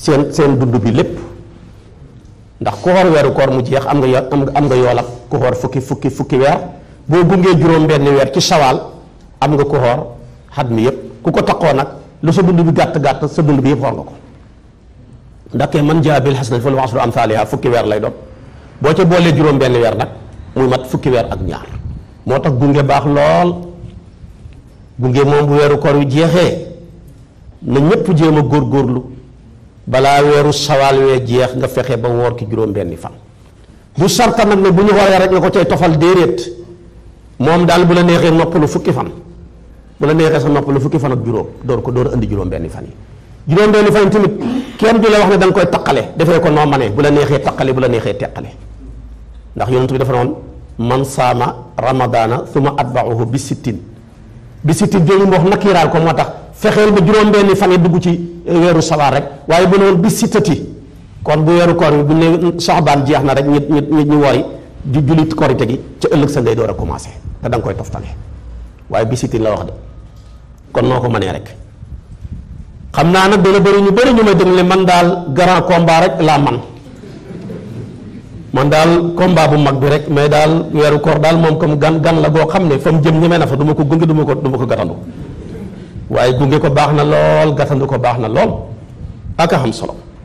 sien sen dund bi lepp ndax ku xoor weeru koor mu jeex am nga am nga nga ak ku fuki fukki fukki fukki weer bo gungé juroom benn weer ci sawal am nga ku xoor hadmi yépp ku ko taqoo nag lu sa dund bi gàtt gàtt sa dund bi yëpp xoor nga ko ndaxte man jaa bil xasna fa am fukki weer lay doon boo ca boolee juróom benn weer nag muy mat fukki weer ak ñaar moo tax gunge baax lool gunge moom bu weeru koor yu jeexee na ñépp jéem a balaa weeru sawal wee jeex nga fexe ba woor ki juróom-benni fan bu sarta nag ne bu ñu wooree rek nga ko cay tofal déedéet moom daal bu la neexee noppalu fukki fan bu la neexee sa nopp lu fukki fan ak juróom door ko door indi juróom-benni fan yi juróom-benni fan yi tamit kenn du la wax ne da nga koy taqale defee ko noo manee bu la neexee taqale bu la neexee teqale ndax yonent bi dafa noonu man saama ramadaana suma atbaahu bi sittin bi sittin jooju mu wax nakiraal ko moo tax fexel ba juroom benn fan yi dugg ci eh, weeru sawar rek waaye bu noonu bi si kon bu weeru koor bu ne soxbaan jeex na rek ñi ñi ñi woori di julit korite gi ci ëllëg sa ndey door a commencé te da nga koy toftale waaye bis la wax de kon noo ko mënee rek xam naa nag dana bëri ñu bëri ñu may déglu man daal grand combat rek laa man man daal combat bu mag bi rek mais daal weeru koor daal moom comme gan gan la goo xam ne fa mu jëm na fa du ko gunge du ma ko du ko gatandu waaye gunge ko baax na lool gatandu ko baax na lool ak a xam solo